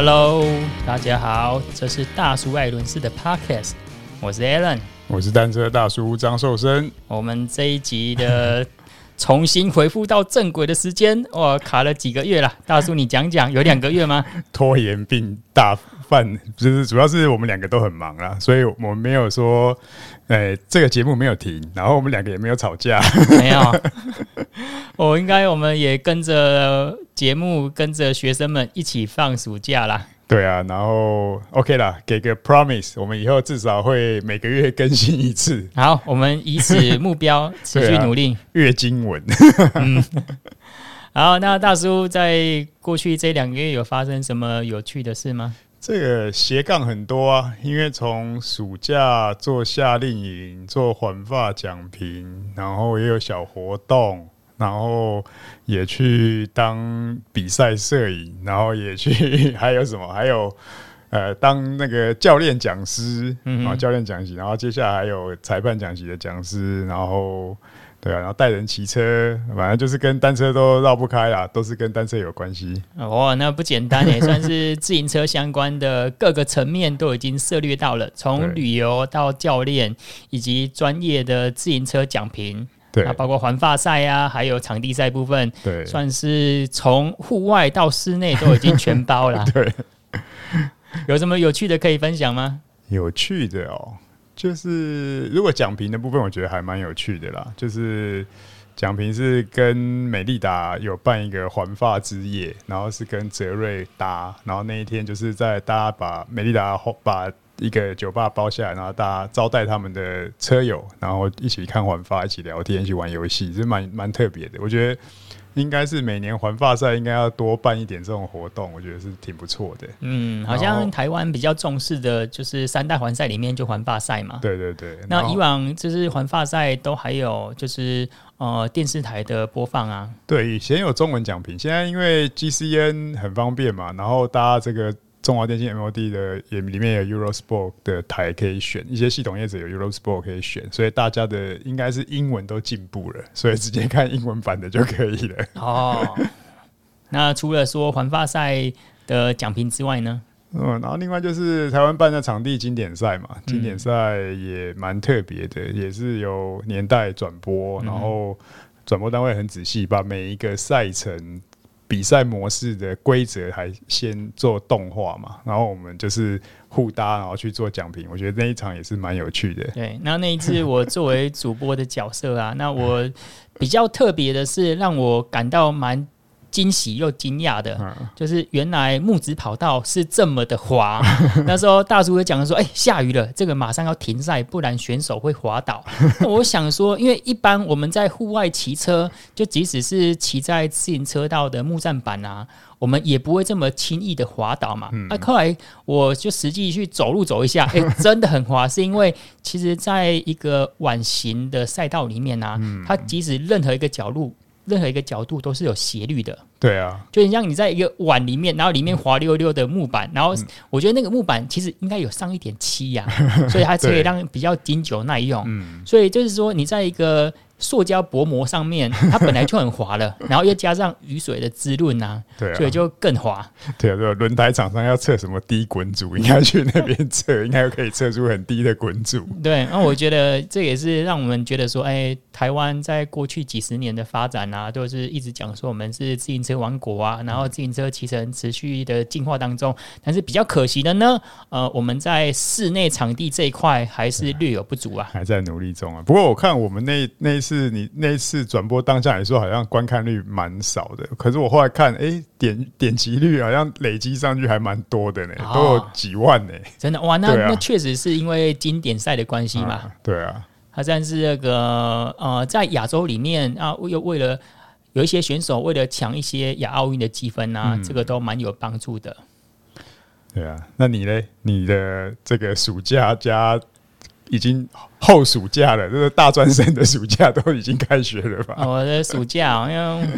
Hello，大家好，這是大叔愛輪事的 Podcast，我是 Alan，我是單車大叔張壽生，我們這一集的。 重新回復到正軌的時間，哇，卡了幾個月了。大叔，你講講，有兩個月嗎？拖延病大犯，就是主要是我們兩個都很忙啦，所以我們沒有說，哎、欸，這個節目沒有停，然後我們兩個也沒有吵架，沒有。我、 哦、應該我們也跟着節目，跟着學生們一起放暑假啦。對啊，然後 OK 啦，給個 Promise，我們以後至少會每個月更新一次。好，我們以此目標、 啊、持續努力。月經文， 嗯。好，那大叔在過去這兩個月有發生什麼有趣的事嗎？這個斜槓很多啊，因為從暑假做夏令營，做環法講評，然後也有小活動。然後也去當比賽攝影，然後也去還有什麼？還有呃，當那個教練講師，嗯、哼然後教練講師，然後接下來還有裁判講師的講師，然後對啊，然後帶人騎車，反正就是跟單車都繞不開啦，都是跟單車有關係。哇、哦哦，那不簡單，欸，也 算是自行車相關的各個層面都已經涉獵到了，從旅遊到教練，以及專業的自行車講評。對，包括環法賽啊，還有場地賽部分，對，算是從戶外到室內都已經全包了。 對， 有什麼有趣的可以分享嗎？有趣的哦，就是如果講評的部分，我覺得還蠻有趣的啦。就是講評是跟美麗達有辦一個環法之夜，然後是跟澤瑞搭，然後那一天就是在大家把美麗達把。一個酒吧包下來，然後大家招待他們的車友，然後一起看環法，一起聊天，一起玩遊戲，是蠻蠻特別的。我覺得應該是每年環法賽應該要多辦一點這種活動，我覺得是挺不錯的。嗯，好像台灣比較重視的就是三大環賽裡面就環法賽嘛。對對對。那以往就是環法賽都還有就是呃電視台的播放啊。對，以前有中文講評，現在因為 GCN 很方便嘛，然後大家這個。中華電信 MOD 的也裡面有 Eurosport 的台可以選，一些系統業者有 Eurosport 可以選，所以大家的應該是英文都進步了，所以直接看英文版的就可以了。哦， 那除了說環法賽的講評之外呢？嗯，然後另外就是台灣辦的場地經典賽嘛，經典賽也蠻特別的，嗯、也是有年代轉播，然後轉播單位很仔細，把每一個賽程。比賽模式的規則還先做動畫嘛，然後我們就是互搭，然後去做講評。我覺得那一場也是蠻有趣的。對，那那一次我作為主播的角色啊， 那我比較特別的是讓我感到蠻。驚喜又驚訝的，嗯、就是原來木質跑道是這麼的滑。 那時候大叔也講說：“哎、欸，下雨了，這個馬上要停賽，不然選手會滑倒。” 我想說，因為一般我們在戶外騎車，就即使是騎在自行車道的木棧板啊，我們也不會這麼輕易的滑倒嘛。嗯、啊，後來我就實際去走路走一下，哎、欸，真的很滑。 是因為其實在一個彎形的賽道裡面啊，嗯、它即使任何一個角度。任何一個角度都是有斜率的。對啊，就像你在一個碗裡面，然後裡面滑溜溜的木板，嗯、然後我覺得那個木板其實應該有上一點漆呀，嗯、所以它可以讓比較經久耐用。嗯，所以就是說你在一個塑膠薄膜上面，它本來就很滑了，嗯、然後又加上雨水的滋潤吶、啊，對、啊，所以就更滑。對啊，輪、啊、胎廠商要測什麼低滾阻，應該去那邊測， 應該可以測出很低的滾阻。對，那我覺得這也是讓我們覺得說，哎、欸，台灣在過去幾十年的發展啊，都、就是一直講說我們是自行車王國啊，然後自行車騎乘持續的進化當中，但是比較可惜的呢，呃，我們在室內場地這一塊還是略有不足啊，還在努力中啊。不過我看我們那那一次你那一次轉播當下來說，好像觀看率蠻少的，可是我後來看，哎、欸，點點擊率好像累積上去還蠻多的呢，哦、都有幾萬呢。真的哇，那、啊、那確實是因為經典賽的關係嘛、啊。對啊，他但是那個呃，在亞洲裡面啊，又為，為了。有一些選手為了搶一些亞奧運的積分啊，嗯、這個都蠻有幫助的。對啊，那你呢？你的這個暑假加已經後暑假了，這個大專生的暑假都已經開學了吧？ 哦、我的暑假因為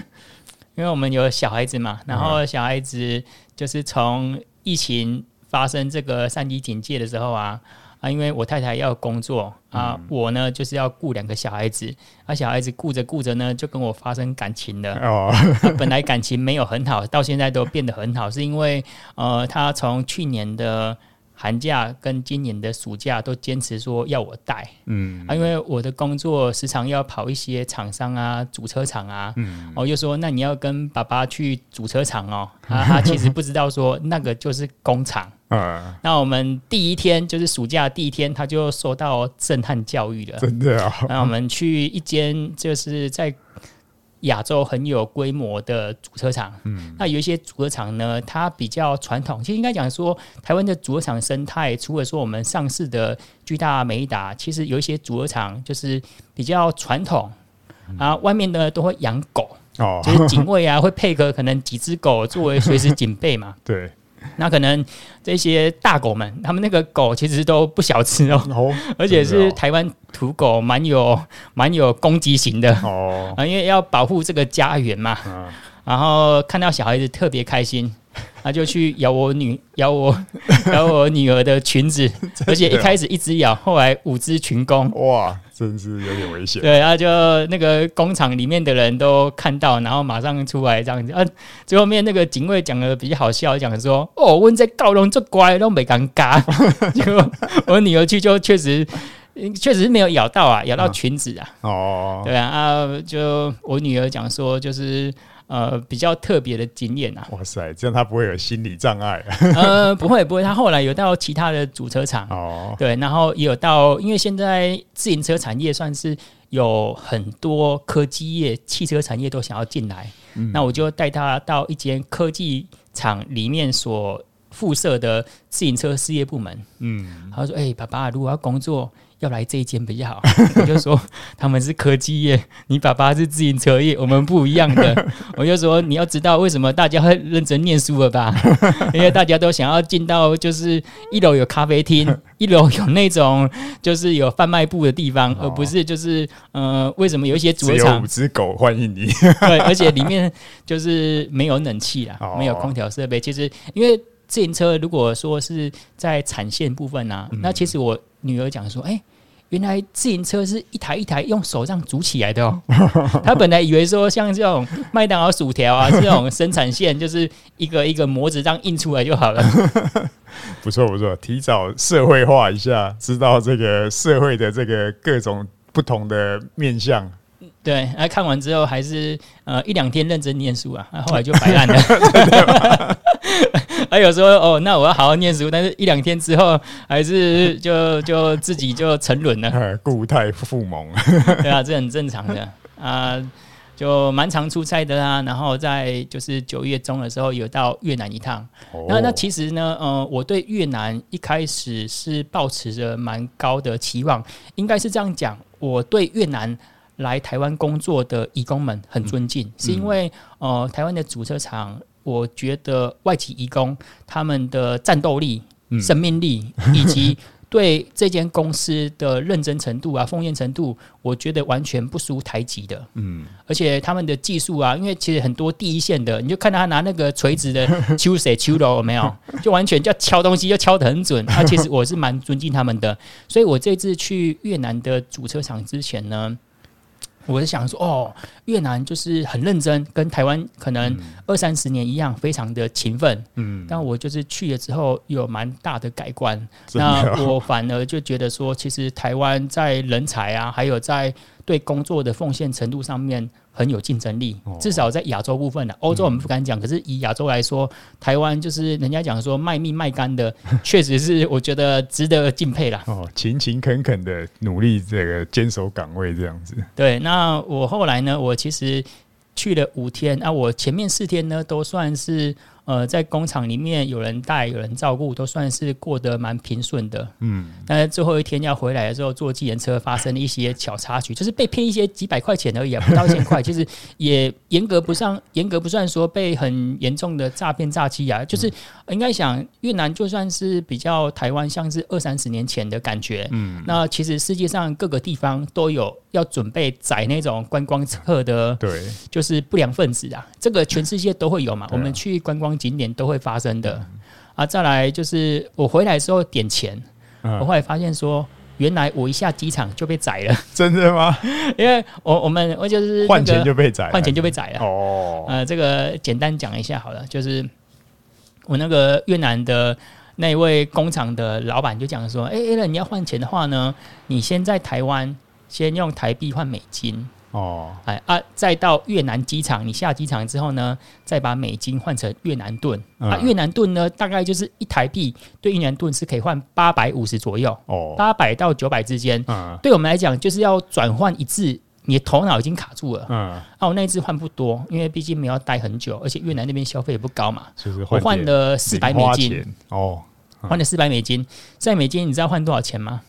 因為我們有小孩子嘛，然後小孩子就是從疫情發生這個三級警戒的時候啊。啊，因為我太太要工作啊，嗯、我呢就是要顧兩個小孩子，那、啊、小孩子顧着顧着呢，就跟我發生感情了。哦，本來感情沒有很好， 到現在都變得很好，是因為呃，他從去年的。寒假跟今年的暑假都堅持說要我帶，嗯啊，因為我的工作時常要跑一些廠商啊、主車廠啊，我就、嗯哦、說那你要跟爸爸去主車廠哦、嗯啊，他其實不知道說 那個就是工廠，嗯、啊，那我們第一天就是暑假第一天他就受到震撼教育了，真的啊，那我們去一間就是在。亞洲很有規模的主車廠，嗯、那有一些主車廠呢，它比較傳統，其實應該講說，台灣的主車廠生態，除了說我們上市的巨大美利達，其實有一些主車廠就是比較傳統，嗯、啊，外面呢都會養狗、哦、就是警衛啊會配合可能幾隻狗作為隨時警備嘛， 對。那可能這些大狗們，他們那個狗其實都不小隻哦，哦哦，而且是台灣土狗，蠻有蠻有攻擊性的哦，啊，因為要保護這個家園嘛，嗯、然後看到小孩子特別開心。他、啊、就去咬我女，咬我， 咬我女兒的裙子，而且一開始一直咬，後來五隻群攻，哇，真是有點危險。對，然後就那個工廠裡面的人都看到，然後馬上出來這樣子。啊，最後面那個警衛講的比較好笑，講的說：“哦，問這高龍這乖都沒敢嘎。” 就我女兒去就確實，確實沒有咬到啊，咬到裙子啊。哦，對啊，啊，就我女兒講說，就是。呃，比較特別的經驗吶、啊！哇塞，這樣他不會有心理障礙、啊。 呃，不會不會，他後來有到其他的主車廠哦，對，然後也有到，因為現在自行車產業算是有很多科技業、汽車產業都想要進來，嗯、那我就帶他到一間科技廠裡面所附設的自行車事業部門。嗯，他說：“哎、欸，爸爸，如果要工作。”要來這一間比較好， 我就說他們是科技業，你爸爸是自行車業，我們不一樣的。我就說你要知道為什麼大家會認真念書了吧？因為大家都想要進到就是一樓有咖啡廳，一樓有那種就是有販賣部的地方，而不是就是嗯、呃，為什麼有一些主場有五只狗歡迎你？對，而且裡面就是沒有冷氣啦，沒有空調設備。其實因為自行車如果說是在產線部分啊，那其實我女兒講說，哎、欸。原來自行車是一台一台用手這樣組起來的哦、喔。他本來以為說像這種麥當勞薯條啊這種生產線就是一個一個模子這樣印出來就好了。 不錯不錯，提早社會化一下，知道這個社會的這個各種不同的面向。對、啊，看完之後還是呃一兩天認真念書啊，那、啊、後來就擺爛了。 嗎 還有說哦，那我要好好念書，但是一兩天之後還是就就自己就沉淪了，故態復萌。 對啊，這很正常的啊。就蠻常出差的啦、啊，然後在就是九月中的時候有到越南一趟。Oh. 那那其實呢，嗯、呃，我對越南一開始是抱持著蠻高的期望，應該是這樣講，我對越南，來台灣工作的移工們很尊敬，嗯、是因為呃，台灣的主車廠，我覺得外籍移工他們的戰鬥力、嗯、生命力，以及對這間公司的認真程度啊、奉獻程度，我覺得完全不輸台籍的。嗯，而且他們的技術啊，因為其實很多第一線的，你就看他拿那個錘子、的 Q C Q 刀，沒有，就完全就敲東西，就敲得很準。那、啊、其實我是蠻尊敬他們的，所以我這次去越南的主車廠之前呢。我是想說，哦，越南就是很認真，跟台灣可能二三十年一樣，非常的勤奮。嗯，但我就是去了之後，有蠻大的改觀。真的啊，那我反而就覺得說，其實台灣在人才啊，還有在對工作的奉獻程度上面。很有競爭力，至少在亞洲部分、哦、歐洲我們不敢講，可是以亞洲來說，嗯、台灣就是人家講說賣命賣肝的，確 實是我覺得值得敬佩啦、哦。勤勤懇懇的努力，這個堅守崗位這樣子。對，那我後來呢，我其實去了五天，那、啊、我前面四天呢都算是。呃，在工廠裡面有人帶、有人照顧，都算是過得蠻平順的。嗯，但是最後一天要回來的時候，坐計程車發生了一些小插曲，就是被騙一些幾百塊錢而已、啊，不到一千塊，就是 也嚴格不上、嚴格不算說被很嚴重的詐騙詐欺啊。就是應該想越南就算是比較台灣，像是二三十年前的感覺。嗯，那其實世界上各個地方都有要準備載那種觀光車的，對，就是不良分子啊，這個全世界都會有嘛。嗯、我們去觀光景點都會發生的啊！再來就是我回來之後點錢，嗯、我後來發現說，原來我一下機場就被宰了，真的嗎？因為我我們我們就是換錢就被宰了。換錢就被宰了。宰了哦，呃，啊、這個簡單講一下好了，就是我那個越南的那位工廠的老板就講說，哎哎，Alan 你要換錢的話呢，你先在台灣先用台幣換美金。哦，哎啊，再到越南機場，你下機場之後呢，再把美金換成越南盾。嗯、啊，越南盾呢，大概就是一台幣對越南盾是可以換八百五十左右，哦，八百到九百之間。嗯、對我們來講，就是要轉換一次，你的頭腦已經卡住了。嗯，哦，啊、我那一次換不多，因為畢竟沒有待很久，而且越南那邊消費也不高嘛。其實換錢，我換了四百美金。哦，換、嗯、了四百美金，在美金你知道換多少錢嗎？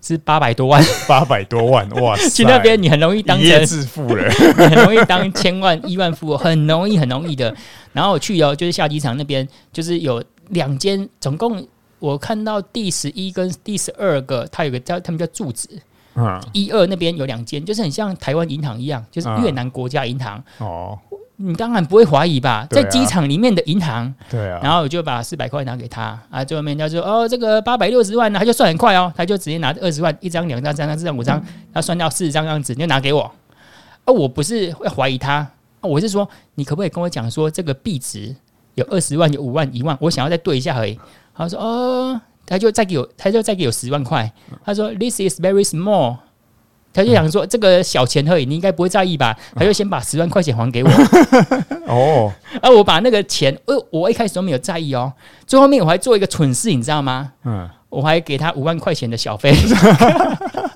是八百多萬，八百多萬，哇！去那邊你很容易當人致富了，很容易當千萬億 萬富翁，很容易，很容易的。然後我去哦，就是下機場那邊，就是有兩間，總共我看到第十一跟第十二個，他有個叫他們叫柱子，嗯，一二那邊有兩間，就是很像台灣銀行一樣，就是越南國家銀行、嗯、哦。你當然不會懷疑吧？在機場裡面的銀行對、啊，對啊，然後我就把四百塊拿給他啊。最後面他說：“哦，這個八百六十萬，他就算很快哦，他就直接拿二十萬一張、兩張、三張、四張、五張、嗯、他算到四十張樣子，你就拿給我。”啊，我不是會懷疑他，啊、我是說你可不可以跟我講說，這個幣值有二十萬、有五萬、一萬，我想要再對一下而已。他說：“哦，他就再給我，他就再給我十萬塊。”他說、嗯、：“This is very small。”他就想說這個小錢而已，你應該不會在意吧？他就先把十萬塊錢還給我。哦、 oh. 啊，而我把那個錢，我我一開始都沒有在意哦，最後面我還做一個蠢事你知道嗎？嗯，我還給他五萬塊錢的小費。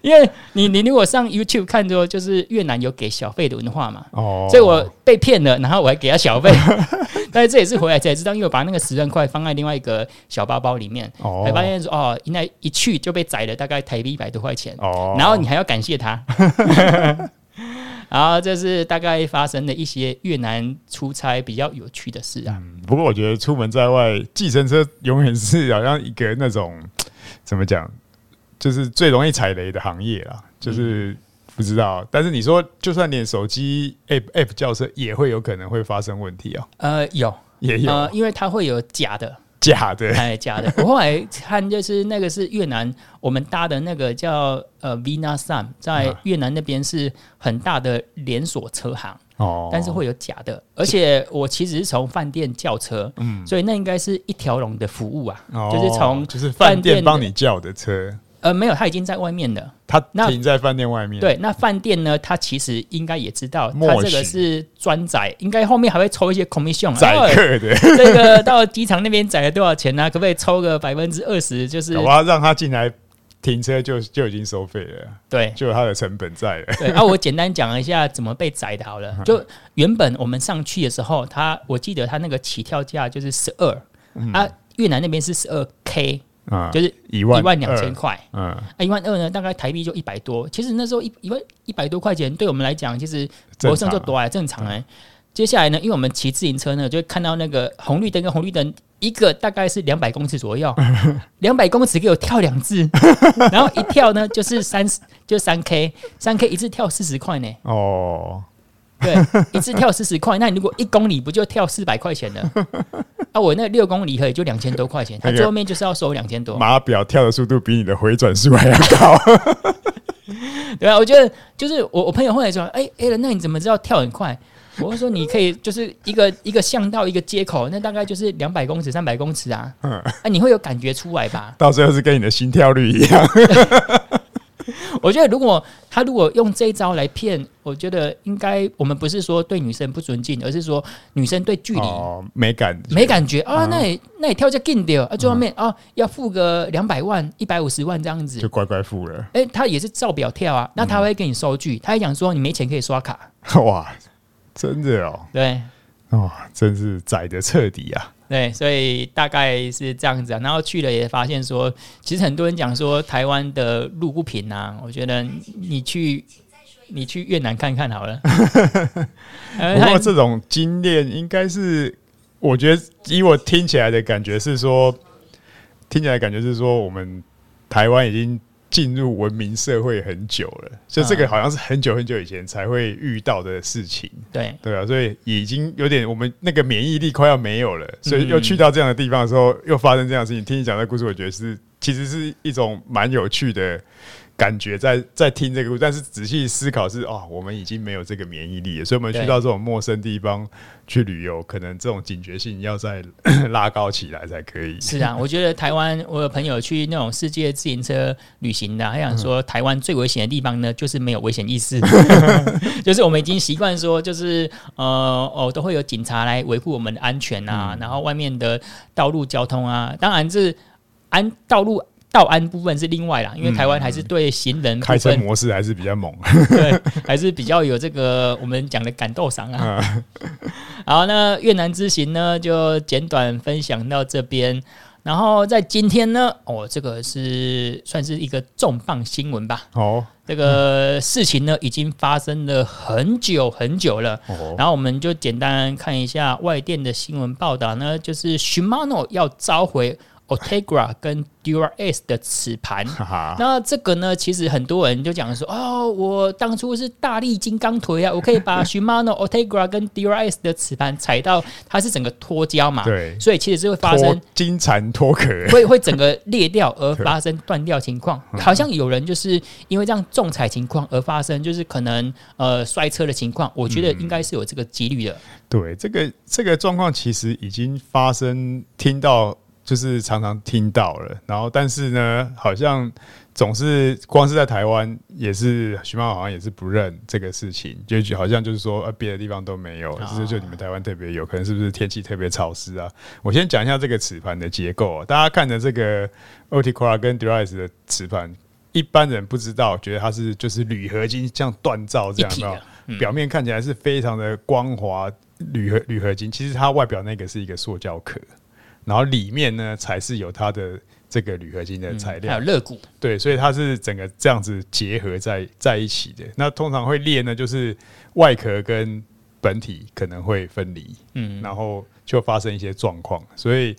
因為你，你如果上 YouTube 看到，就是越南有給小費的文化嘛，哦，oh. 所以我被騙了，然後我還給他小費， 但是這也是回來才知道，因為我把那個十萬塊放在另外一個小包包裡面，才、oh. 發現說哦，原來一去就被宰了大概台幣一百多塊錢，哦，oh. 然後你還要感謝他， 然後這是大概發生的一些越南出差比較有趣的事啊。嗯、不過我覺得出門在外，計程車永遠是好像一個那種怎麼講？就是最容易踩雷的行業啦，就是不知道。嗯、但是你說，就算連手機 App App 叫車也會有可能會發生問題啊、喔？呃，有也有，呃，因為它會有假的，假的，哎，假的。 我後來看，就是那個是越南，我們搭的那個叫呃 Vina Sam，在越南那邊是很大的連鎖車行哦，嗯、但是會有假的。而且我其實是從飯店叫車，嗯是，所以那應該是一條龍的服務啊，哦、就是從就是飯店幫你叫的車。呃，沒有，他已經在外面了。他停在飯店外面。對，那飯店呢？他其實應該也知道，生他這個是專載應該後面還會抽一些 commission 宰客的。啊、這個到機場那邊載了多少錢呢、啊？ 可不可以抽個百分之二十？就是我要讓他進來停車就就已經收費了。對，就有他的成本在了。對，那、 啊、我簡單講一下怎麼被宰的好了。就原本我們上去的時候，他我記得他那個起跳價就是十二、嗯、啊，越南那邊是十二 k。就是一萬、嗯、一萬兩千塊，嗯，啊，一萬二呢，大概台幣就一百多。其實那時候一一萬一百多塊錢，對我們來講，其實我省就多啊，正常呢、欸，嗯、接下來呢，因為我們騎自行車呢，就會看到那個紅綠燈跟紅綠燈一個大概是兩百公尺左右，兩百、嗯、公尺給我跳兩次， 然後一跳呢就是三十，就三 K，三 K 一次跳四十塊呢。哦。對，一次跳四十塊，那你如果一公里不就跳四百塊錢了？ 啊，我那六公里而已就兩千多塊錢，他最後面就是要收兩千多、那個，碼錶跳的速度比你的回轉速還要高， 對啊，我覺得就是我我朋友後來說，哎、欸、哎、欸，那你怎麼知道跳很快？我會說你可以就是一個一個巷道一個街口，那大概就是兩百公尺、三百公尺啊，嗯，啊、你會有感覺出來吧？到最後是跟你的心跳率一樣。 我覺得，如果他如果用這一招來騙，我覺得應該我們不是說對女生不尊敬，而是說女生對距離哦沒感沒感覺，沒感覺、哦、啊，那也那也跳就更屌啊，這方面啊、哦、要付個兩百萬、一百五十萬這樣子，就乖乖付了。哎、欸，他也是照表跳啊，那他會給你收據，他還講說你沒錢可以刷卡。哇，真的哦？對啊，真是宰得徹底啊！對，所以大概是這樣子啊。然後去了也發現說，其實很多人講說台灣的路不平啊，我覺得你去，你去越南看看好了。不過、 呃、這種經驗應該是，我覺得以我聽起來的感覺是說，聽起來的感覺是說我們台灣已經進入文明社會很久了，所以這個好像是很久很久以前才會遇到的事情。啊、對對啊，所以已經有點我們那個免疫力快要沒有了，所以又去到這樣的地方的時候，嗯、又發生這樣的事情。聽你講的故事，我覺得是其實是一種蠻有趣的。感覺在在聽這個故事，但是仔細思考是哦，我們已經沒有這個免疫力了，所以我們去到這種陌生地方去旅遊，對可能這種警覺性要再呵呵拉高起來才可以。是啊，我覺得台灣，我有朋友去那種世界自行車旅行的，他想說台灣最危險的地方呢，就是沒有危險意識，嗯、 就是我們已經習慣說，就是呃哦都會有警察來維護我們的安全啊，嗯、然後外面的道路交通啊，當然這安道路。道安部分是另外啦，因為台灣還是對行人、嗯。開車模式還是比較猛。 對，還是比較有這個我們講的感動賞啊。啊好，那越南之行呢，就簡短分享到這邊。然後在今天呢，哦，這個是算是一個重磅新聞吧。哦，這個事情呢，已經發生了很久很久了。哦、然後我們就簡單看一下外電的新聞報道呢，就是 Shimano 要召回。Ultegra 跟 Dura-Ace 的齒盤，哈哈，那這個呢，其實很多人就講說：“哦，我當初是大力金剛腿啊，我可以把 Shimano Ultegra 跟 Dura-Ace 的齒盤踩到，它是整個脫膠嘛？對，所以其實是會發生金蟬脫殼，會會整個裂掉而發生斷掉情況。對好像有人就是因為這樣重踩情況而發生，就是可能呃摔車的情況。我覺得應該是有這個幾率的、嗯。對，這個這個狀況其實已經發生，聽到。就是常常聽到了，然後但是呢，好像總是光是在台灣也是徐媽好像也是不認這個事情，就好像就是說呃別的地方都沒有，就、啊、就你們台灣特別有，可能是不是天氣特別潮濕啊？我先講一下這個齒盤的結構、啊，大家看着這個 Ultegra 跟 Dura-Ace 的齒盤，一般人不知道，覺得它是就是鋁合金像鍛造這樣的，表面看起來是非常的光滑，鋁合鋁合金，其實它外表那個是一個塑膠殼。然後裡面呢，才是有它的這個鋁合金的材料，嗯、還有肋骨對，所以它是整個這樣子結合在在一起的。那通常會裂呢，就是外殼跟本體可能會分離，嗯，然後就發生一些狀況。所以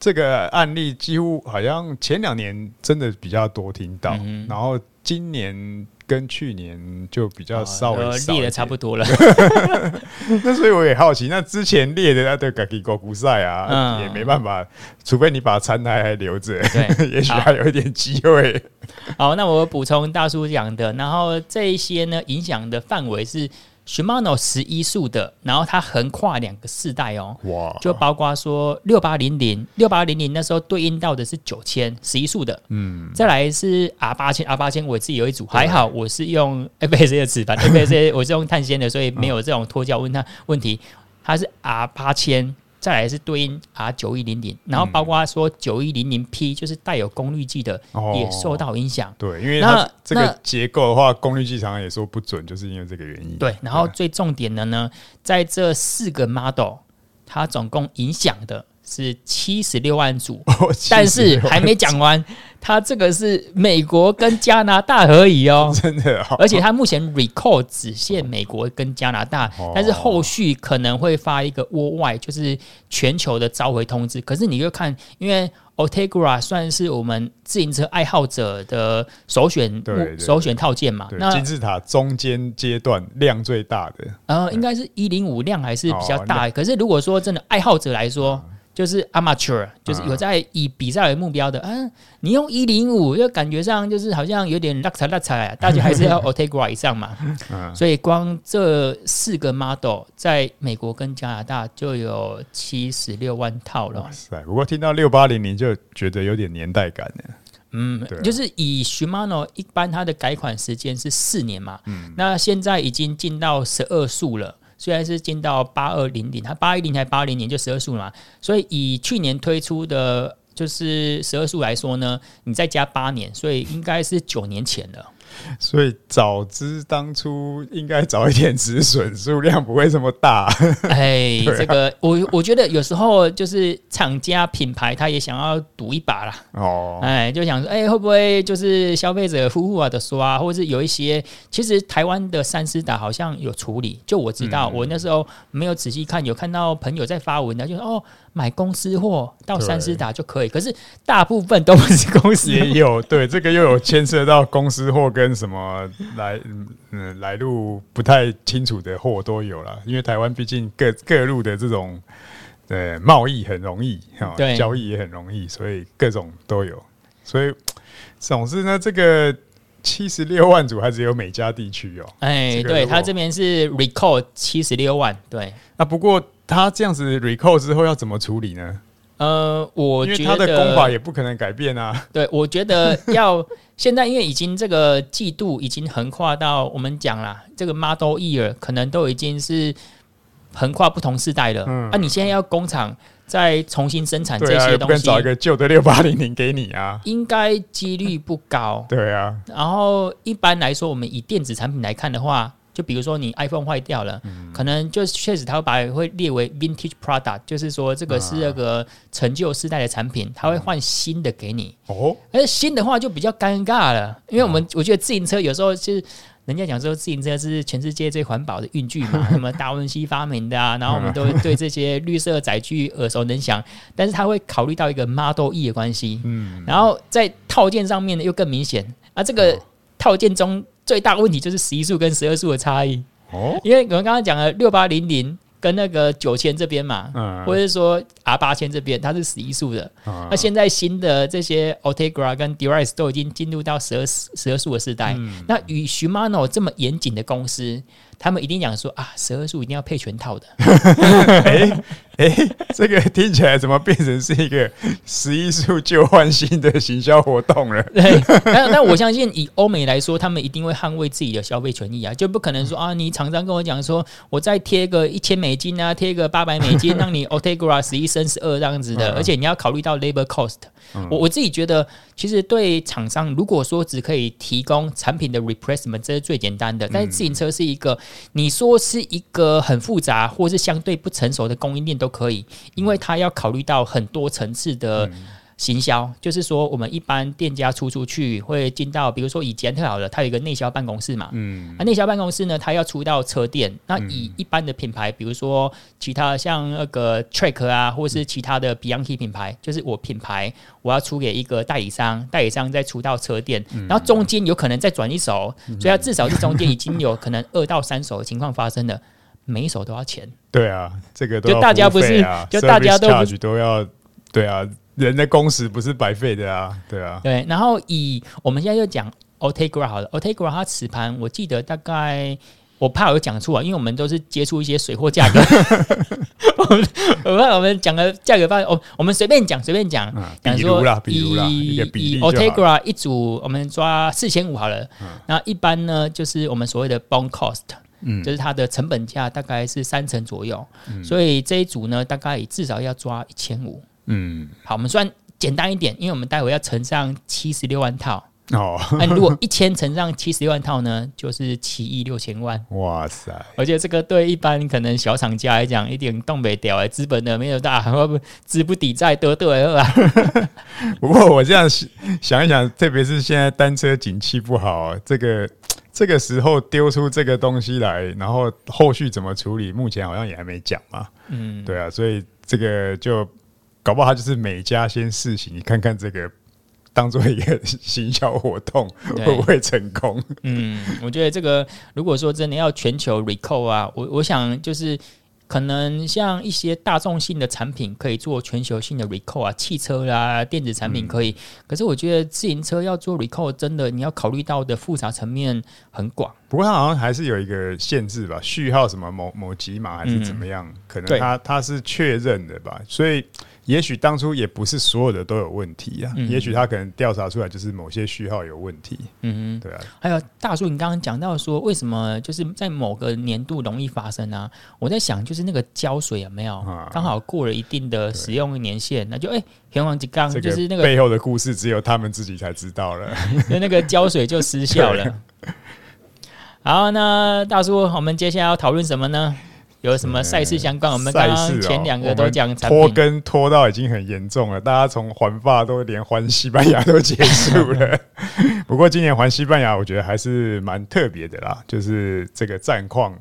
這個案例幾乎好像前兩年真的比較多聽到，嗯、哼然後今年，跟去年就比較稍微少一點，哦，裂的差不多了。 那所以我也好奇，那之前裂的那對，改踢國不賽啊，嗯，也沒辦法，除非你把殘骸還留着，對 也許還有一點機會。好， 好，那我補充大叔講的，然後這一些呢，影響的範圍是。Shimano 十一速的，然後它橫跨兩個世代哦、喔，哇 Wow！就包括說六八零零、六八零零那時候對應到的是九千十一速的，嗯，再來是 R 八千，R 八千我自己有一組，對還好我是用 FSC 的紙板，FSC 我是用碳纖的， 所以沒有這種脫膠問他問題，嗯、它是 R 八千。再來是對應 R 九一零零，然後包括他說九一零零 P 就是帶有功率計的、嗯、也受到影響、哦，對，因為它這個結構的話，那功率計常常也說不準，就是因為這個原因。對，然後最重點的呢，啊、在這四個 model，它總共影響的。是七十六萬組，但是還沒講完。它這個是美國跟加拿大而已哦，真的。而且它目前 recall 只限美國跟加拿大，但是後續可能會發一個 worldwide，就是全球的召回通知。可是你就看，因為 Ultegra 算是我們自行車愛好者的首選，首選套件嘛。那金字塔中間階段量最大的，呃，應該是一零五量還是比較大。可是如果說真的愛好者來說，就是 amateur，就是有在以比賽為目標的。嗯、啊，你用一零五就感覺上就是好像有點 low low 大家還是要 Ultegra 以上嘛。嗯、所以光這四個 model 在美國跟加拿大就有七十六萬套了。哇塞！如果聽到六八零零就覺得有點年代感呢？嗯，對、啊，就是以 Shimano 一般他的改款時間是四年嘛。嗯，那現在已經進到十二速了。雖然是進到八二零零，他八一零才八零年就十二數嘛，所以以去年推出的就是十二數來說呢，你再加八年，所以應該是九年前的。所以早知當初，應該早一點止損，數量不會這麼大。哎，這個我我覺得有時候就是廠家品牌，他也想要賭一把啦。哦，哎，就想說，哎，會不會就是消費者呼呼啊的說啊，或者是有一些，其實台灣的三司達好像有處理。就我知道，嗯、我那時候沒有仔細看，有看到朋友在發文的，就說哦。買公司貨到三思達就可以，對可是大部分都不是公司也有對這個又有牽涉到公司貨跟什麼來嗯來路不太清楚的貨都有了，因為台灣畢竟各各路的這種呃貿易很容易啊，喔、對交易也很容易，所以各種都有，所以總之呢，這個七十六萬組還只有每家地區哦、喔，哎、欸，對他這邊是 recall 七十六萬，對，那不過。他這樣子 recall 之後要怎麼處理呢？呃，我覺得因為他的工法也不可能改變啊。對，我覺得要現在因為已經這個季度已經橫跨到我們講啦，這個 model year，可能都已經是橫跨不同世代了。嗯啊，你現在要工廠再重新生產這些東西，找一個舊的六八零零給你啊，應該幾率不高。對啊，然後一般來說，我們以電子產品來看的話，就比如說你 iPhone 壞掉了，嗯、可能就確實它會把它會列為 Vintage Product，、嗯、就是說這個是那個陳舊時代的產品，嗯、它會換新的給你。哦，而新的話就比較尷尬了，因為我們我覺得自行車有時候就是人家講說自行車是全世界最環保的運具嘛，什麼達文西發明的啊，嗯、然後我們都會對這些綠色載具耳熟能詳，嗯、但是它會考慮到一個 Model E 的關係，嗯，然後在套件上面呢又更明顯，啊，這個。嗯套件中最大的問題就是十一速跟十二速的差異哦，因為我們剛剛講了六八零零跟那個九千這邊嘛，uh, 或者說 R 八千這邊它是十一速的，uh, 那現在新的這些 Ultegra 跟 Dura-Ace 都已經進入到十二十二速的時代，嗯、那與 Shimano 這麼嚴謹的公司。他們一定講說啊，十二數一定要配全套的。哎哎、 欸欸，這個聽起來怎麼變成是一個十一數舊換新的行銷活動了？對，但但我相信以歐美來說，他們一定會捍衛自己的消費權益啊，就不可能說啊，你廠商跟我講說，我再貼個一千美金啊，貼個八百美金讓你 Ultegra 十一升十二，這樣子的， 而且你要考慮到 labor cost。嗯、我我自己覺得，其實對廠商如果說只可以提供產品的 replacement，這是最簡單的，但是自行車是一個。你說是一個很複雜，或是相對不成熟的供應鏈都可以，因為它要考慮到很多層次的。嗯行銷就是說，我們一般店家出出去會進到，比如說以捷安特好了，它有一個內銷辦公室嘛。嗯。啊，內銷辦公室呢，它要出到車店。嗯、那以一般的品牌，比如說其他像那個 Trek 啊，或者是其他的 Bianchi 品牌，嗯、就是我品牌，我要出給一個代理商，代理商再出到車店，嗯、然後中間有可能再轉一手，嗯、所以它至少是中間已經有可能二到三手的情況發生了，嗯、每一手都要錢。 對啊，這個都大家不是，啊、就大家都，都要，對啊。人的工時不是白費的啊，對啊，對。然後以我們現在就講 Ultegra 好了 Ultegra 它齒盤，我記得大概我怕有講錯啊，因為我們都是接觸一些水貨價格， 我,我怕我們講個價格範圍，我我們隨便講隨便講，講說、啊、以一以 Ultegra 一組，我們抓四千五好了，那、嗯、一般呢就是我們所謂的 bond cost，就是它的成本價大概是三成左右，嗯、所以這一組呢大概也至少要抓一千五。嗯，好，我們算簡單一點，因為我們待會要乘上七十六萬套哦。那、啊、如果一千乘上七十六萬套呢，就是七億六千萬。哇塞！而且這個對一般可能小廠家來講，一點東北屌哎，資本的沒有大，資不不，資不抵債，得對了。不過我這樣想一想， 特別是現在單車景氣不好，這個這個時候丟出這個東西來，然後後續怎麼處理，目前好像也還沒講嘛。嗯，對啊，所以這個就。搞不好它就是每家先試行，你看看這個當做一個行銷活動會不會成功？嗯， 我覺得這個如果說真的要全球 recall 啊，我我想就是可能像一些大眾性的產品可以做全球性的 recall 啊，汽車啦、啊、電子產品可以，嗯、可是我覺得自行車要做 recall 真的你要考慮到的複雜層面很廣。不過它好像還是有一個限制吧，序號什麼某某幾碼還是怎麼樣？嗯嗯，可能它它是確認的吧，所以。也許當初也不是所有的都有問題啊，嗯、也許他可能調查出來就是某些序號有問題，嗯哼對啊。還有大叔，你剛剛講到說為什麼就是在某個年度容易發生呢、啊？我在想，就是那個膠水有沒有剛、啊、好過了一定的使用年限，對那就哎，欸、平安天王級剛就是那個背後的故事，只有他們自己才知道了，那那個膠水就失效了。對好，那大叔，我們接下來要討論什麼呢？有什麼賽事相關？嗯、我們剛剛前兩個都講拖、哦、跟拖到已經很嚴重了，大家從環法都連環西班牙都結束了。 不過今年環西班牙我覺得還是蠻特別的啦，就是這個戰況。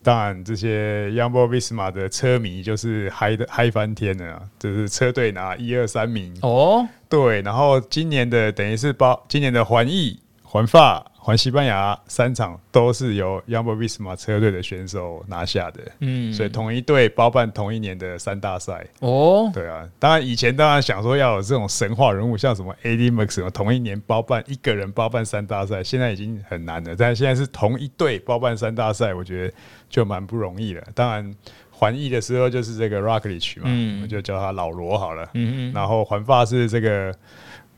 當然這些 Jumbo Visma 的車迷就是嗨的嗨翻天了，就是車隊拿一二三名哦。對，然後今年的等於是包今年的環意。環法、環西班牙三場都是由 Jumbo-Visma 車隊的選手拿下的，嗯，所以同一隊包辦同一年的三大賽哦，對啊，當然以前當然想說要有這種神話人物，像什麼 Ad Max 什麼同一年包辦一個人包辦三大賽，現在已經很難了。但現在是同一隊包辦三大賽，我覺得就蠻不容易了。當然環義的時候就是這個 Roglič 嘛，嗯，我就叫他老羅好了，嗯嗯，然後環法是這個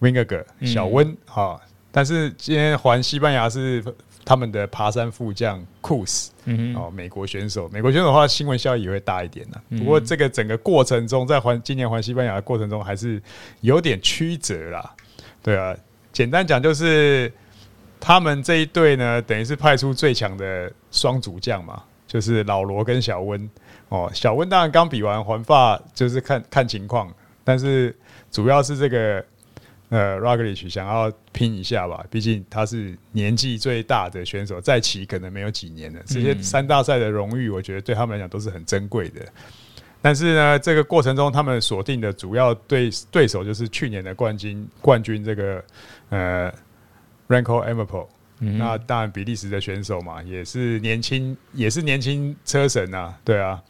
Vingegaard 小溫哈。嗯哦但是今天環西班牙是他們的爬山副將庫斯，哦，美國選手，美國選手的話新聞效益也會大一點呢。嗯哼。不過這個整個過程中，在環今年環西班牙的過程中，還是有點曲折啦。對啊，簡單講就是他們這一隊呢，等於是派出最強的雙主將嘛，就是老羅跟小溫。哦，小溫當然剛比完環法，環法就是看看情況，但是主要是這個。呃，Roglic 想要拼一下吧，畢竟他是年紀最大的選手，再騎可能沒有幾年了。這些三大賽的榮譽，我覺得對他們來講都是很珍貴的。但是呢，這個過程中，他們鎖定的主要對對手就是去年的冠軍冠軍這個呃 Remco Evenepoel，嗯哼。那當然，比利時的選手嘛，也是年輕，也是年輕車神啊，對啊。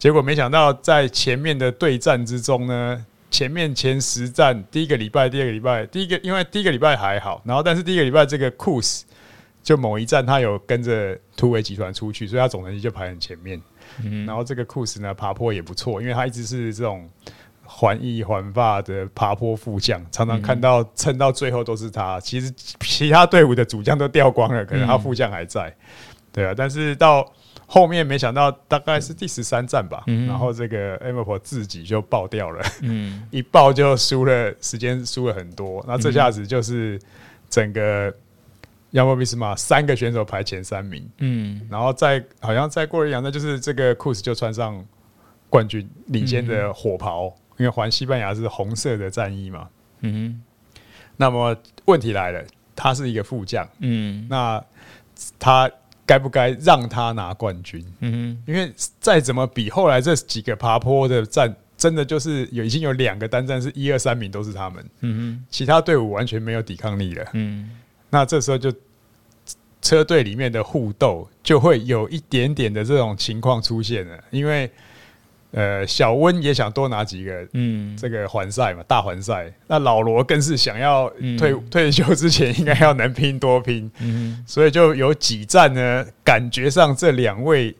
結果沒想到，在前面的對戰之中呢。前面前十站，第一個禮拜，第二個禮拜，第一個，因為第一個禮拜還好，然後但是第一個禮拜這個庫斯就某一站他有跟着突圍集團出去，所以他總成績就排很前面。嗯嗯，然後這個庫斯呢，爬坡也不錯，因為他一直是這種環義環法的爬坡副將，常常看到撐到最後都是他。其實其他隊伍的主將都掉光了，可能他副將還在。對啊，但是到。後面沒想到，大概是第十三站吧，嗯嗯、然後這個 Evenepoel 自己就爆掉了，嗯， 一爆就輸了，時間輸了很多。那、嗯、這下子就是整個 Jumbo-Visma 三個選手排前三名，嗯，然後再好像再過一兩站，就是這個 Kuss 就穿上冠軍領先的火袍，嗯嗯、因為環西班牙是紅色的戰衣嘛，嗯，嗯，那麼問題來了，他是一個副將，嗯，那他。該不該讓他拿冠軍？嗯哼，因為再怎麼比，後來這幾個爬坡的站，真的就是有已經有兩個單站是一二三名都是他們。嗯哼，其他隊伍完全沒有抵抗力了。嗯，那這時候就車隊裡面的互鬥就會有一點點的這種情況出現了，因為。呃，小溫也想多拿幾個，嗯，這個環賽嘛，大環賽。那老羅更是想要退、嗯、退休之前，應該要能拼多拼，嗯、所以就有幾站呢，感覺上這兩位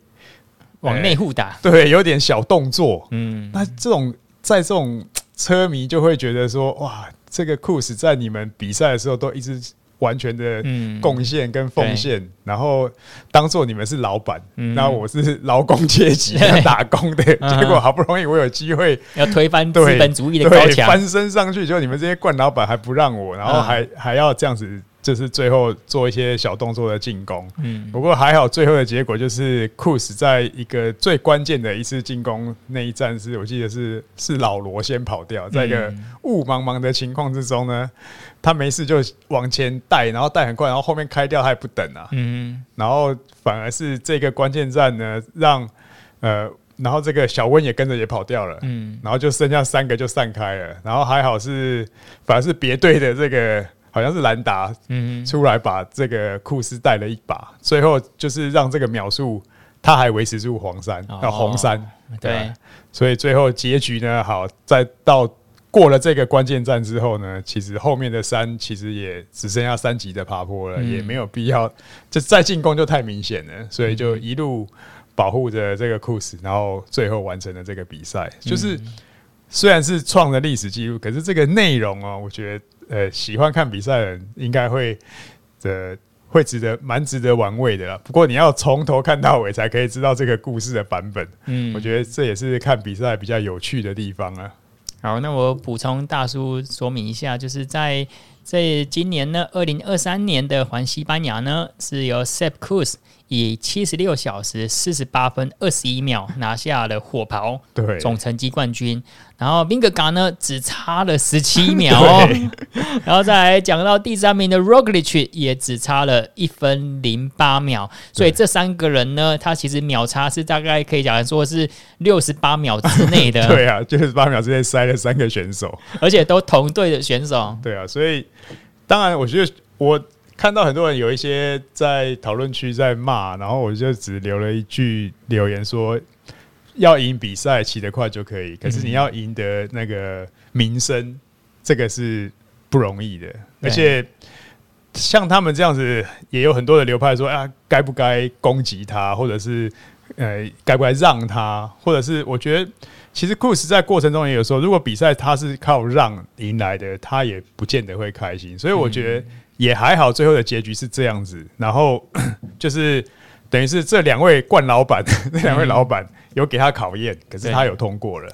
往內互打、欸，對，有點小動作，嗯。那這種在這種車迷就會覺得說，哇，這個庫斯在你們比賽的時候都一直。完全的貢獻跟奉獻，嗯、然後當做你們是老闆，嗯、那我是勞工階級要對打工的。嗯、哼結果好不容易我有機會要推翻資本主義的高牆，翻身上去，之後，你們這些慣老闆還不讓我，然後還、嗯、還要這樣子。就是最後做一些小動作的進攻，嗯，不過還好，最後的結果就是庫斯在一個最關鍵的一次進攻那一站，是我記得是是老羅先跑掉，在一個霧茫茫的情況之中呢，嗯、他沒事就往前帶，然後帶很快，然後後面開掉他也不等啊，嗯，然後反而是這個關鍵戰呢，讓呃，然後這個小溫也跟着也跑掉了，嗯，然後就剩下三個就散開了，然後還好是反而是別隊的這個。好像是蘭達，嗯，出來把這個庫斯帶了一把，最後就是讓這個秒數，他還維持住黃衫啊紅衫，哦哦、對，所以最後結局呢，好，在到過了這個關鍵站之後呢，其實後面的山其實也只剩下三級的爬坡了，也沒有必要，就再進攻就太明顯了，所以就一路保護着這個庫斯，然後最後完成了這個比賽，就是雖然是創了歷史記錄，可是這個內容啊、喔，我覺得。呃，喜歡看比賽的人應該會，呃，會值得蠻值得玩味的啦。不過你要從頭看到尾才可以知道這個故事的版本。嗯，我覺得這也是看比賽比較有趣的地方啊。好，那我補充大叔說明一下，就是在這今年呢，二零二三年的環西班牙呢，是由 Sepp Kuss 以七十六小時四十八分二十一秒拿下了火炮總成績冠軍，然後賓格嘎呢只差了十七秒哦、喔，然後再來講到第三名的 Roglic 也只差了一分零八秒，所以這三個人呢，他其實秒差是大概可以講說是六十八秒之內的，對啊，六十八秒之內塞了三個選手，而且都同隊的選手，對啊，所以當然我覺得我。看到很多人有一些在討論區在罵，然後我就只留了一句留言說：“要贏比賽，騎得快就可以。可是你要贏得那個名聲，這個是不容易的。嗯、而且像他們這樣子，也有很多的流派說：‘啊，該不該攻擊他？’或者是‘呃，該不該讓他？’或者是我覺得，其實庫斯在過程中也有說，如果比賽他是靠讓贏來的，他也不見得會開心。所以我覺得。嗯”也還好，最後的結局是這樣子。然後就是等於是這兩位冠老闆，那兩、嗯、 位老闆有給他考驗，可是他有通過了，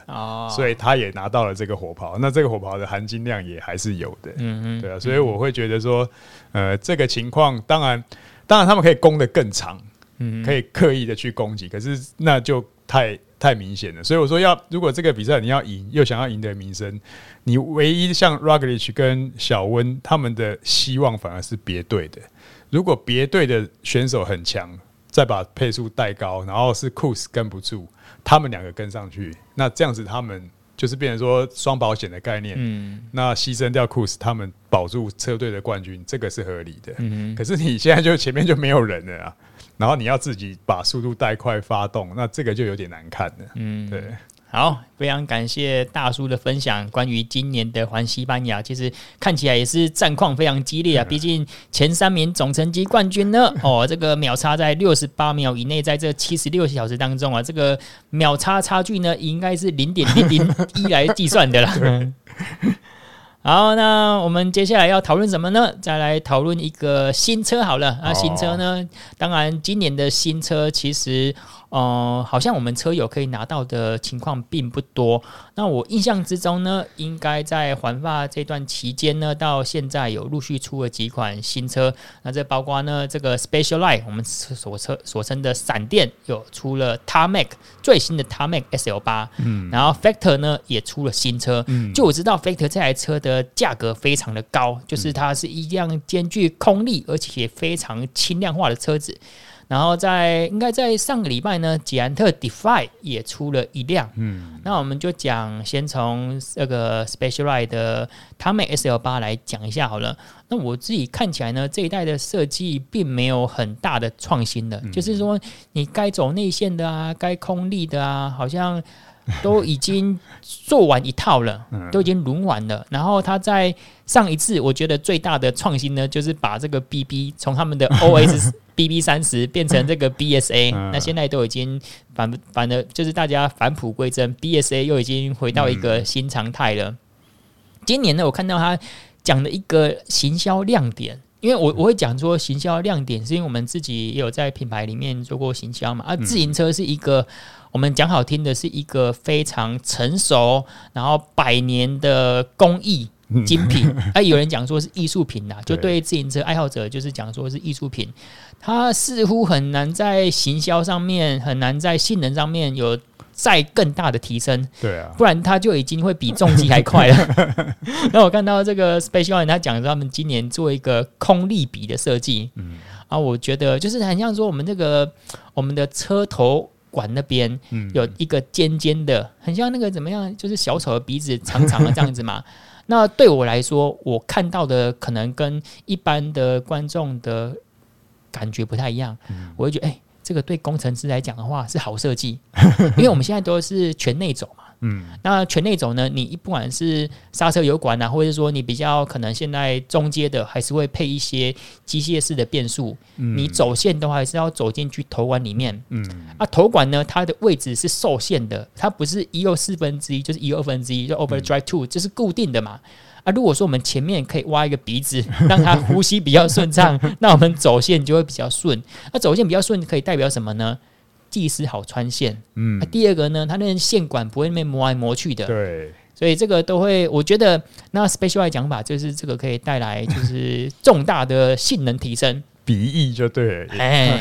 對所以他也拿到了這個火炮。那這個火炮的含金量也還是有的，嗯嗯哼，對啊。所以我會覺得說，呃，這個情況當然，當然他們可以攻得更長，嗯，可以刻意的去攻擊，可是那就。太太明顯了，所以我說要如果這個比賽你要贏，又想要贏得名聲，你唯一像 Roglic 跟小溫他們的希望反而是別隊的。如果別隊的選手很強，再把配速帶高，然後是 Kuss 跟不住，他們兩個跟上去，那這樣子他們就是變成說雙保險的概念。嗯，那犧牲掉 Kuss，他們保住車隊的冠軍，這個是合理的。嗯,嗯，可是你現在就前面就沒有人了啊。然後你要自己把速度帶快發動，那這個就有點難看了。嗯，對，好，非常感謝大叔的分享。關於今年的環西班牙，其實看起來也是戰況非常激烈啊。畢竟前三名總成績冠軍呢，哦，這個秒差在六十八秒以內，在這七十六小時當中啊，這個秒差差距呢，應該是零點零零一來計算的啦。 對 嗯好，那我們接下來要討論什麼呢？再來討論一個新車好了。那、Oh. 啊、新車呢？當然，今年的新車其實。嗯、呃，好像我們車友可以拿到的情況並不多。那我印象之中呢，應該在環法這段期間呢，到現在有陸續出了幾款新車。那這包括呢，這個 Specialized 我們所稱所、所稱的閃電，有出了 Tarmac 最新的 Tarmac SL8，嗯，然後 Factor 呢也出了新車。嗯，就我知道 Factor 這台車的價格非常的高，嗯、就是它是一輛兼具空力而且非常輕量化的車子。然後在應該在上個禮拜呢，捷安特 Defy 也出了一輛。嗯，那我們就講先從這個 Specialized Tarmac SL 八來講一下好了。那我自己看起來呢，這一代的設計並沒有很大的創新的，嗯、就是說你該走內線的啊，該空力的啊，好像。都已經做完一套了， 都已經輪完了。然後他在上一次，我覺得最大的創新呢，就是把這個 BB 從他們的 OS BB30 變成這個 BSA。 那現在都已經反反的，就是大家返璞歸真，BSA 又已經回到一個新常態了。嗯。今年呢，我看到他講了一個行銷亮點。因為我我會講說行銷亮點，是因為我們自己也有在品牌裡面做過行銷嘛。啊，自行車是一個我們講好聽的是一個非常成熟，然後百年的工藝精品。哎，有人講說是藝術品吶，啊，就對自行車愛好者就是講說是藝術品，它似乎很難在行銷上面，很難在性能上面有。再更大的提升，對啊，不然它就已經會比重機還快了。那 我看到這個 Space One，他講說他們今年做一個空力鼻的設計，嗯，啊，我覺得就是很像說我們這、那個我們的車頭管那邊有一個尖尖的，嗯、很像那個怎麼樣，就是小丑的鼻子長長的這樣子嘛。嗯、那對我來說，我看到的可能跟一般的觀眾的感覺不太一樣，嗯、我會覺得哎。欸這個對工程師來講的話是好設計，因為我們現在都是全內走嘛。嗯， 那全內走呢，你不管是剎車油管啊，或者是說你比較可能現在中階的，還是會配一些機械式的變速。嗯，你走線的話，還是要走進去頭管裡面。嗯，啊，頭管呢，它的位置是受限的，它不是一又四分之一，4, 就是一又二分之一，4, 就，就 overdrive two，、嗯、就是固定的嘛。啊，如果說我們前面可以挖一個鼻子，讓它呼吸比較順暢， 那我們走線就會比較順。那、啊、走線比較順，可以代表什麼呢？技師好穿線。嗯，啊、第二個呢，它那線管不會那邊磨來磨去的。對，所以這個都會，我覺得那 Specialized 講法就是這個可以帶來就是重大的性能提升。 鼻翼就對，hey,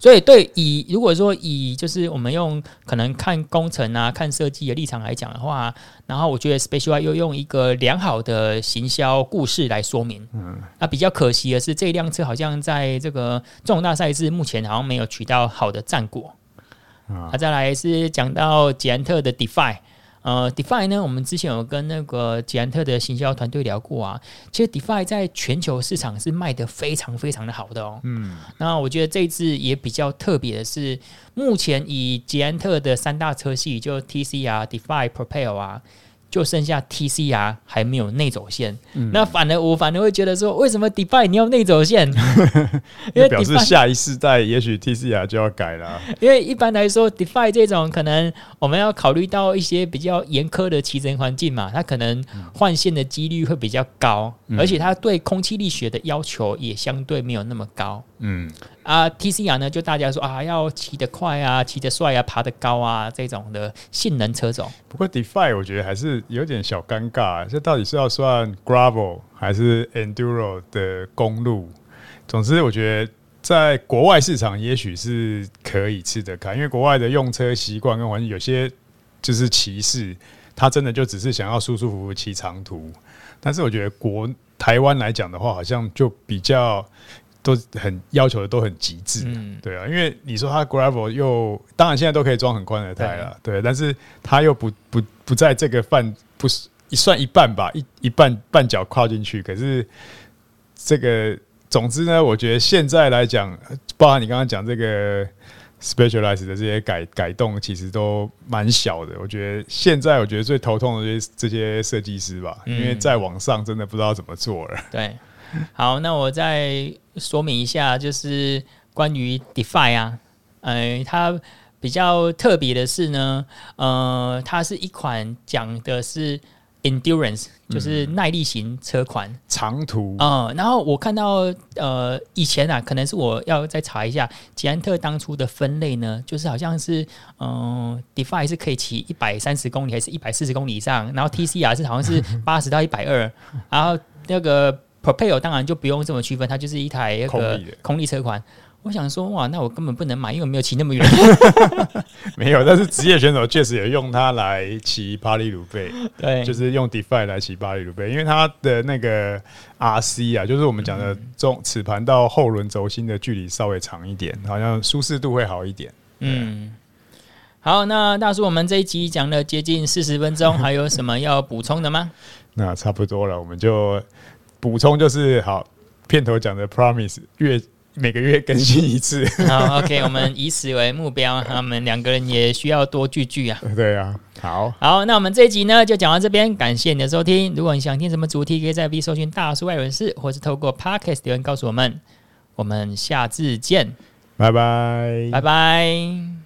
所以對以如果說以就是我們用可能看工程啊、看設計的立場來講的話，然後我覺得 Special 又用一個良好的行銷故事來說明，嗯，那比較可惜的是這一輛車好像在這個重大賽事目前好像沒有取到好的戰果，嗯、啊，再來是講到捷安特的 Defy 呃 Defy 呢？我們之前有跟那個捷安特的行銷團隊聊過啊。其實 Defy 在全球市場是賣得非常非常的好的哦。嗯，那我覺得這一次也比較特別的是，目前以捷安特的三大車系，就 TC 啊、Defy、Propel 啊。就剩下 T C R 還沒有內走線，嗯、那反而我反而會覺得說，為什麼 Defy 你要內走線？ 因為 表示下一世代也許 T C R 就要改了。因為一般來說 Defy 這種可能我們要考慮到一些比較嚴苛的騎乘環境嘛，它可能換線的幾率會比較高，嗯、而且它對空氣力學的要求也相對沒有那麼高。嗯啊，T C R 呢，就大家說啊，要騎得快啊，騎得帥啊，爬得高啊，這種的性能車種。不過 Defy 我覺得還是。有點小尷尬，這到底是要算 gravel 還是 enduro 的公路？總之，我覺得在國外市場也許是可以吃得開，因為國外的用車習慣跟環境有些就是騎士，他真的就只是想要舒舒服服騎長途。但是我覺得國台灣來講的話，好像就比較。都很要求的，都很極致的。嗯、對啊，因為你說他 gravel 又當然現在都可以裝很寬的胎了，對、對，但是他又不不不在這個範，不是一算一半吧，一一半半腳跨進去。可是這個，總之呢，我覺得現在來講，包含你剛剛講這個 Specialized 的這些改改動，其實都蠻小的。我覺得現在我覺得最頭痛的就是這些這些設計師吧，嗯、因為再往上真的不知道怎麼做了。對。好，那我再說明一下，就是關於 Defy 啊，誒、呃，它比較特別的是呢，呃，它是一款講的是 Endurance，就是耐力型車款，嗯、長途。嗯、呃，然後我看到呃，以前啊，可能是我要再查一下，捷安特當初的分類呢，就是好像是嗯、呃、Defy 是可以騎一百三十公里，還是一百四十公里以上？然後 TCR、啊、是好像是八十到一百二，然後那個。Propel 當然就不用這麼區分，它就是一台那個空力車款。空力的我想說，哇，那我根本不能買，因為我沒有騎那麼遠。 沒有，但是職業選手確實也用它來騎巴黎魯貝，對，就是用 Defy 來騎巴黎魯貝，因為它的那個 RC 啊，就是我們講的中齒盤到後輪軸心的距離稍微長一點，好像舒適度會好一點。嗯，好，那大叔，我們這一集講了接近四十分鐘，還有什麼要補充的嗎？ 那差不多了，我們就。補充就是好，片頭講的 Promise 月每個月更新一次。好，oh，OK， 我們以此為目標， 他們兩個人也需要多聚聚啊。對啊，好，好，那我們這一集呢就講到這邊，感謝你的收聽。如果你想聽什麼主題，可以在 V 搜尋大叔愛輪事」，士或是透過 Podcast 留言告訴我們。我們下次見，拜拜 bye，拜拜。